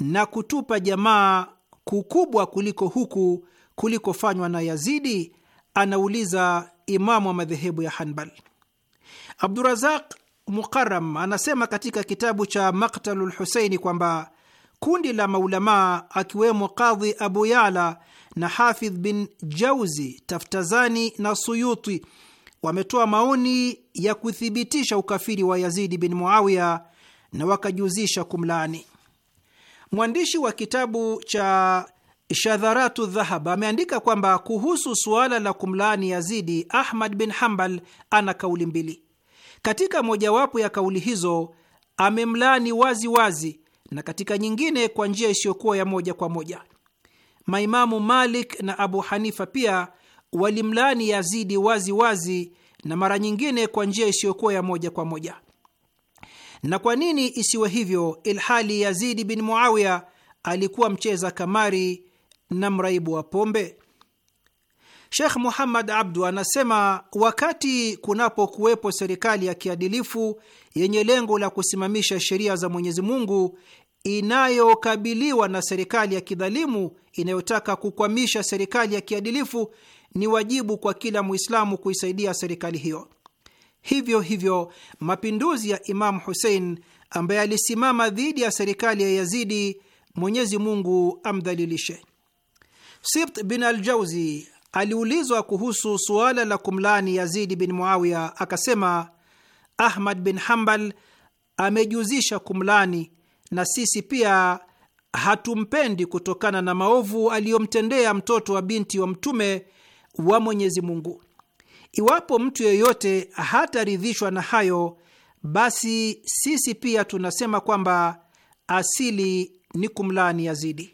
na kutupa jamaa kukubwa kuliko huku kulikofanywa na Yazidi? Anauliza imamu wa madhehebu ya Hanbal. Abdurazaq Muqaram anasema katika kitabu cha Maktalu Lhuseini kwamba kundi la maulamaa akiwemo Qadhi Abu Yala na Hafidh bin Jauzi, Taftazani na Suyuti wametoa maoni ya kuthibitisha ukafiri wa Yazidi bin Muawiya na wakajiuzisha kumlaani. Mwandishi wa kitabu cha Shadharatu Dhahab ameandika kwamba kuhusu suala la kumlaani Yazidi, Ahmad bin Hambal ana kauli mbili. Katika mojawapo ya kauli hizo amemlaani wazi wazi, na katika nyingine kwa njia isiyokuwa ya moja kwa moja. Maimamu Malik na Abu Hanifa pia walimlaani Yazidi wazi wazi na mara nyingine kwa njia isiyokuwa ya moja kwa moja. Na kwa nini isiwe hivyo, ilhali Yazidi bin Muawiya alikuwa mcheza kamari na mraibu wa pombe? Sheikh Muhammad Abdu anasema wakati kunapokuwepo serikali ya kiadilifu yenye lengo la kusimamisha sheria za Mwenyezi Mungu inayokabiliwa na serikali ya kidhalimu inayotaka kukwamisha serikali ya kiadilifu, ni wajibu kwa kila Muislamu kuisaidia serikali hiyo. Hivyo hivyo, mapinduzi ya Imamu Husein ambaye alisimama dhidi ya serikali ya Yazidi, Mwenyezi Mungu amdhalilishe Sibt bin Aljauzi aliulizwa kuhusu suala la kumlani Yazidi bin Muawiya, akasema Ahmad bin Hambal amejuzisha kumlani, na sisi pia hatumpendi kutokana na maovu aliyomtendea mtoto wa binti wa Mtume wa Mwenyezi Mungu. Iwapo mtu yeyote hataridhishwa na hayo, basi sisi pia tunasema kwamba asili ni kumlani Yazidi.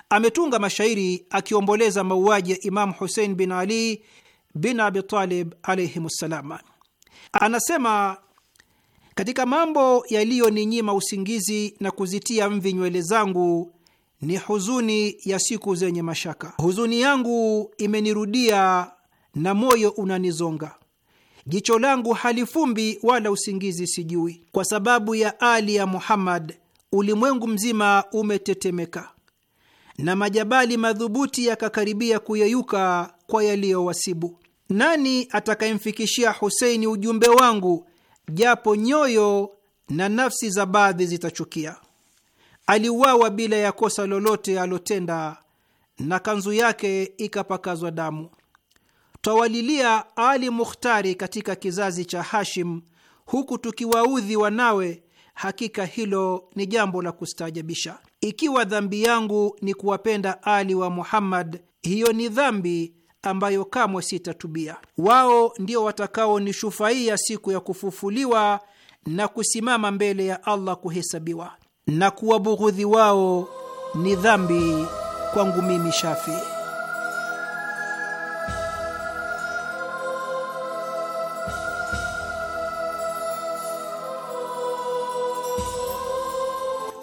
Ametunga mashairi akiomboleza mauaji ya Imamu Husein bin Ali bin Abitalib Talib alaihim ssalam. Anasema, katika mambo yaliyoninyima usingizi na kuzitia mvi nywele zangu ni huzuni ya siku zenye mashaka. Huzuni yangu imenirudia na moyo unanizonga, jicho langu halifumbi wala usingizi sijui. Kwa sababu ya Ali ya Muhammad ulimwengu mzima umetetemeka na majabali madhubuti yakakaribia kuyeyuka kwa yaliyowasibu. Nani atakayemfikishia Huseini ujumbe wangu, japo nyoyo na nafsi za baadhi zitachukia? Aliuawa bila ya kosa lolote alotenda, na kanzu yake ikapakazwa damu. Twawalilia Ali Mukhtari katika kizazi cha Hashim, huku tukiwaudhi wanawe Hakika hilo ni jambo la kustaajabisha. Ikiwa dhambi yangu ni kuwapenda Ali wa Muhammad, hiyo ni dhambi ambayo kamwe sitatubia. Wao ndio watakaonishufaia siku ya kufufuliwa na kusimama mbele ya Allah kuhesabiwa, na kuwabughudhi wao ni dhambi kwangu mimi Shafii.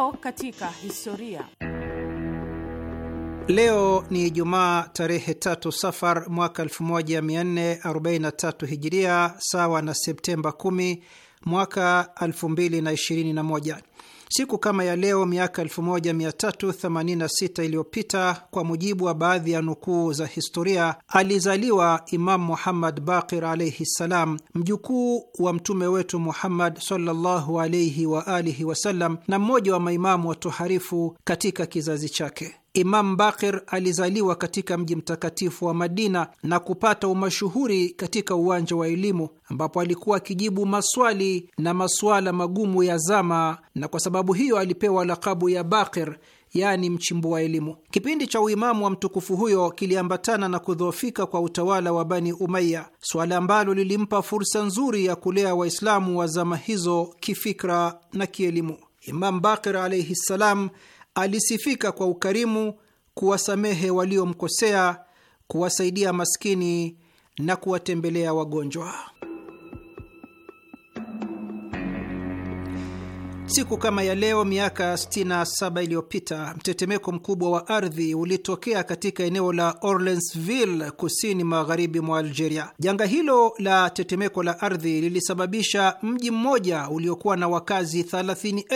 Leo katika historia. Leo ni Ijumaa tarehe tatu Safar mwaka 1443 Hijiria, sawa na Septemba 10 mwaka 2021. Siku kama ya leo miaka 1386 iliyopita, kwa mujibu wa baadhi ya nukuu za historia, alizaliwa Imamu Muhammad Baqir alaihi ssalam, mjukuu wa mtume wetu Muhammad sallallahu alaihi waalihi wasallam na mmoja wa maimamu watoharifu katika kizazi chake. Imam Bakir alizaliwa katika mji mtakatifu wa Madina na kupata umashuhuri katika uwanja wa elimu, ambapo alikuwa akijibu maswali na masuala magumu ya zama, na kwa sababu hiyo alipewa lakabu ya Bakir, yaani wa elimu. Kipindi cha uimamu wa mtukufu huyo kiliambatana na kudhoofika kwa utawala wa Bani Umaya, suala ambalo lilimpa fursa nzuri ya kulea Waislamu wa zama hizo kifikra na kielimu. Imam Bakir alaihi ssalam Alisifika kwa ukarimu, kuwasamehe waliomkosea, kuwasaidia maskini na kuwatembelea wagonjwa. Siku kama ya leo miaka 67 iliyopita mtetemeko mkubwa wa ardhi ulitokea katika eneo la Orleansville, kusini magharibi mwa Algeria. Janga hilo la tetemeko la ardhi lilisababisha mji mmoja uliokuwa na wakazi thelathini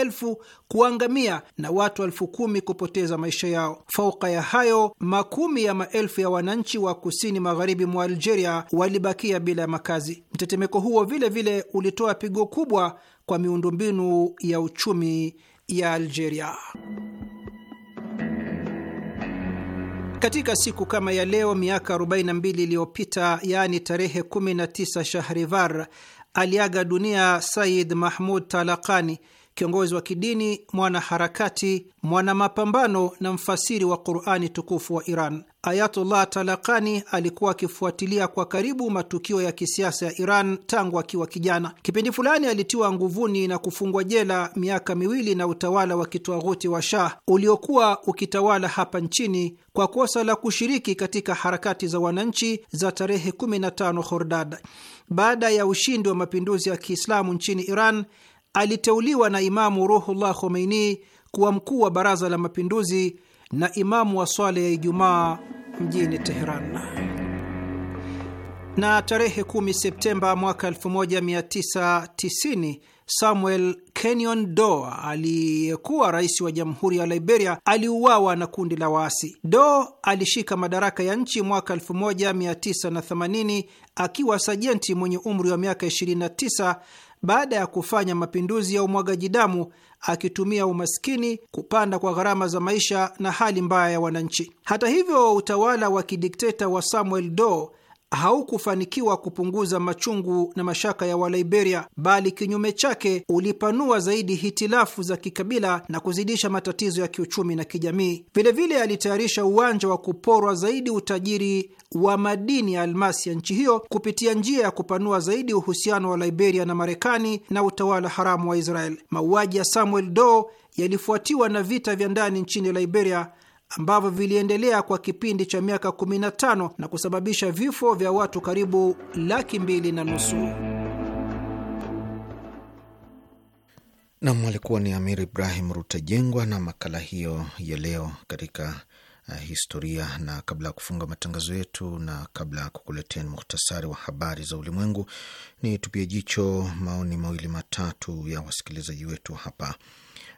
kuangamia na watu 1 kupoteza maisha yao. Fauka ya hayo, makumi ya maelfu ya wananchi wa kusini magharibi mwa Algeria walibakia bila ya makazi. Mtetemeko huo vilevile vile ulitoa pigo kubwa kwa miundombinu ya uchumi ya Algeria. Katika siku kama ya leo miaka 42 iliyopita, yaani tarehe 19 Shahrivar, aliaga dunia Said Mahmud Talakani, kiongozi wa kidini, mwanaharakati, mwana mapambano na mfasiri wa Qurani tukufu wa Iran. Ayatullah Talakani alikuwa akifuatilia kwa karibu matukio ya kisiasa ya Iran tangu akiwa kijana. Kipindi fulani alitiwa nguvuni na kufungwa jela miaka miwili na utawala wa kitwaghuti wa Shah uliokuwa ukitawala hapa nchini kwa kosa la kushiriki katika harakati za wananchi za tarehe 15 Hordad. Baada ya ushindi wa mapinduzi ya Kiislamu nchini Iran, aliteuliwa na Imamu Ruhullah Khomeini kuwa mkuu wa Baraza la Mapinduzi na imamu wa swala ya Ijumaa mjini Teheran. Na tarehe 10 Septemba mwaka 1990 Samuel Kenyon Doe aliyekuwa rais wa jamhuri ya Liberia aliuawa na kundi la waasi. Doe alishika madaraka ya nchi mwaka 1980 akiwa sajenti mwenye umri wa miaka 29 baada ya kufanya mapinduzi ya umwagaji damu akitumia umaskini, kupanda kwa gharama za maisha na hali mbaya ya wananchi. Hata hivyo, utawala wa kidikteta wa Samuel Doe haukufanikiwa kupunguza machungu na mashaka ya Waliberia, bali kinyume chake ulipanua zaidi hitilafu za kikabila na kuzidisha matatizo ya kiuchumi na kijamii. Vilevile alitayarisha uwanja wa kuporwa zaidi utajiri wa madini ya almasi ya nchi hiyo kupitia njia ya kupanua zaidi uhusiano wa Liberia na Marekani na utawala haramu wa Israel. Mauaji ya Samuel Doe yalifuatiwa na vita vya ndani nchini Liberia ambavyo viliendelea kwa kipindi cha miaka 15 na kusababisha vifo vya watu karibu laki mbili na nusu. Nam alikuwa ni Amir Ibrahim Rutajengwa na makala hiyo ya leo katika uh, historia. Na kabla ya kufunga matangazo yetu na kabla ya kukuletea muhtasari wa habari za ulimwengu, ni tupie jicho maoni mawili matatu ya wasikilizaji wetu hapa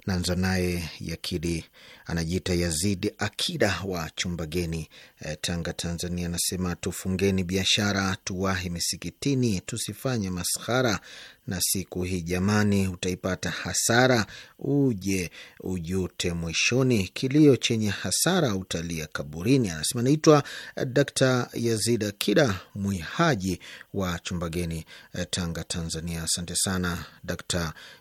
Naanza naye Yakidi, anajiita Yazidi Akida wa geni e, Tanga, Tanzania. Anasema tufungeni biashara, tuwahi misikitini, tusifanye maskhara na siku hii jamani, utaipata hasara, uje ujute mwishoni, kilio chenye hasara utalia kaburini. Anasema naitwa eh, d Yazid Akida Mwihaji wa Chumbageni, eh, Tanga, Tanzania. Asante sana d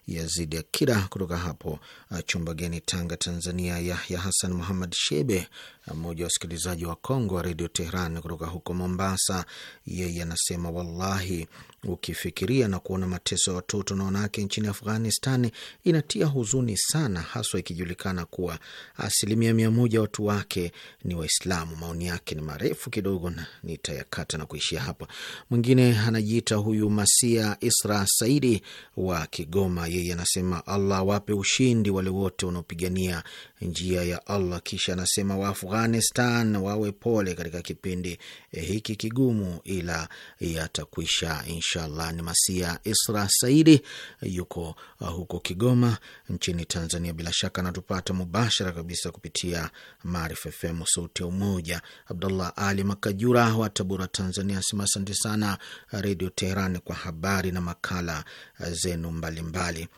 Yazid Akida kutoka hapo eh, Chumbageni, Tanga, Tanzania. Yahya Hasan Muhammad Shebe, mmoja wa wasikilizaji wa Kongo wa Redio Tehran kutoka huko Mombasa, yeye anasema wallahi Ukifikiria na kuona mateso ya watoto na wanawake nchini Afghanistan inatia huzuni sana, haswa ikijulikana kuwa asilimia mia moja watu wake ni Waislamu. Maoni yake ni marefu kidogo, na nitayakata na kuishia hapa. Mwingine anajiita huyu Masia Isra Saidi wa Kigoma, yeye anasema Allah wape ushindi wale wote wanaopigania njia ya Allah. Kisha anasema Waafghanistan wawe pole katika kipindi hiki kigumu, ila yatakwisha insha inshallah. Ni Masia Isra Saidi yuko uh, huko Kigoma nchini Tanzania. Bila shaka anatupata mubashara kabisa kupitia Maarifa FM, sauti ya Umoja. Abdullah Ali Makajura wa Tabora, Tanzania, asema asante sana uh, Redio Teheran kwa habari na makala uh, zenu mbalimbali mbali.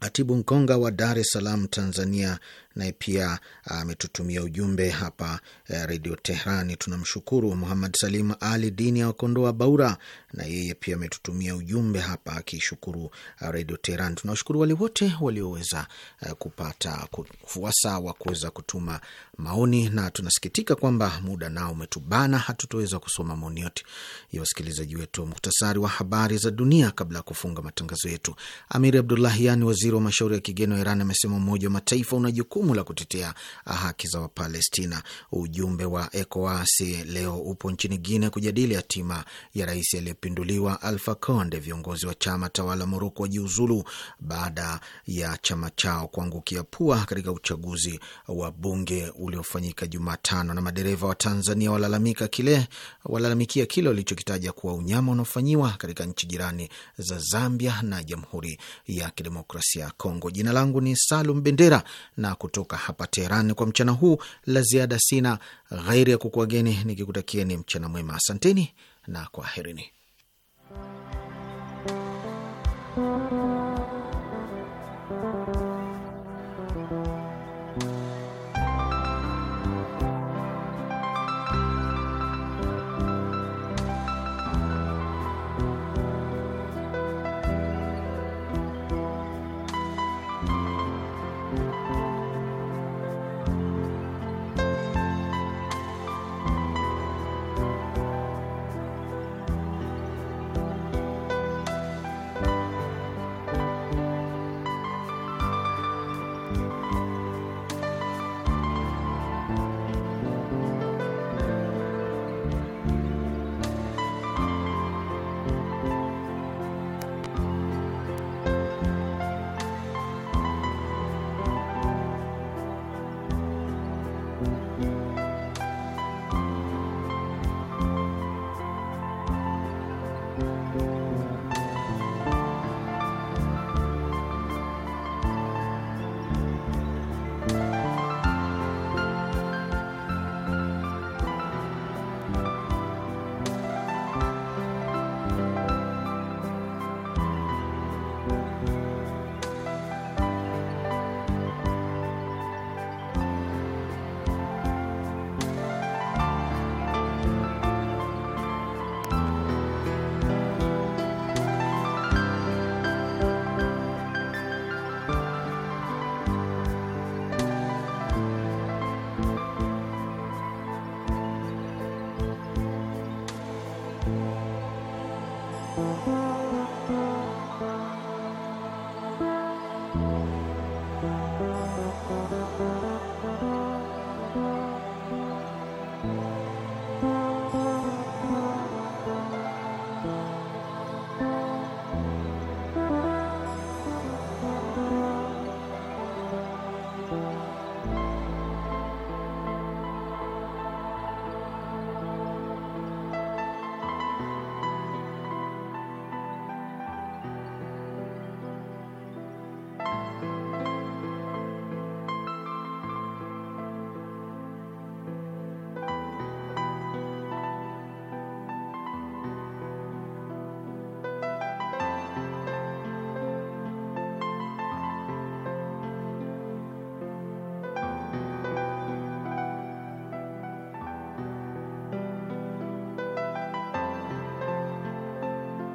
Atibu Mkonga wa Dar es Salaam, Tanzania, naye pia ah, ametutumia uh, ujumbe hapa uh, eh, Redio Tehrani. Tunamshukuru Muhamad Salim Ali Dini ya Kondoa Baura, na yeye pia ametutumia ujumbe hapa akishukuru uh, ah, Redio Tehrani. Tunawashukuru wale wote walioweza uh, kupata kufuasa wa kuweza kutuma maoni, na tunasikitika kwamba muda nao umetubana, hatutoweza kusoma maoni yote ya wasikilizaji wetu. Muktasari wa habari za dunia kabla ya kufunga matangazo yetu. Amiri Abdullahian, waziri wa mashauri ya kigeni wa Iran, amesema Umoja wa Mataifa una jukumu la kutetea haki za Wapalestina. Ujumbe wa ECOWAS leo upo nchini Guine kujadili hatima ya rais aliyepinduliwa Alfa Conde. Viongozi wa chama tawala Moroko wajiuzulu baada ya chama chao kuangukia pua katika uchaguzi wa bunge uliofanyika Jumatano, na madereva wa Tanzania walalamika kile walalamikia kile walichokitaja kuwa unyama unaofanyiwa katika nchi jirani za Zambia na Jamhuri ya Kidemokrasia ya Kongo. Jina langu ni Salum Bendera na kutoka hapa Teheran kwa mchana huu. La ziada sina ghairi ya kukuageni nikikutakieni mchana mwema. Asanteni na kwaherini.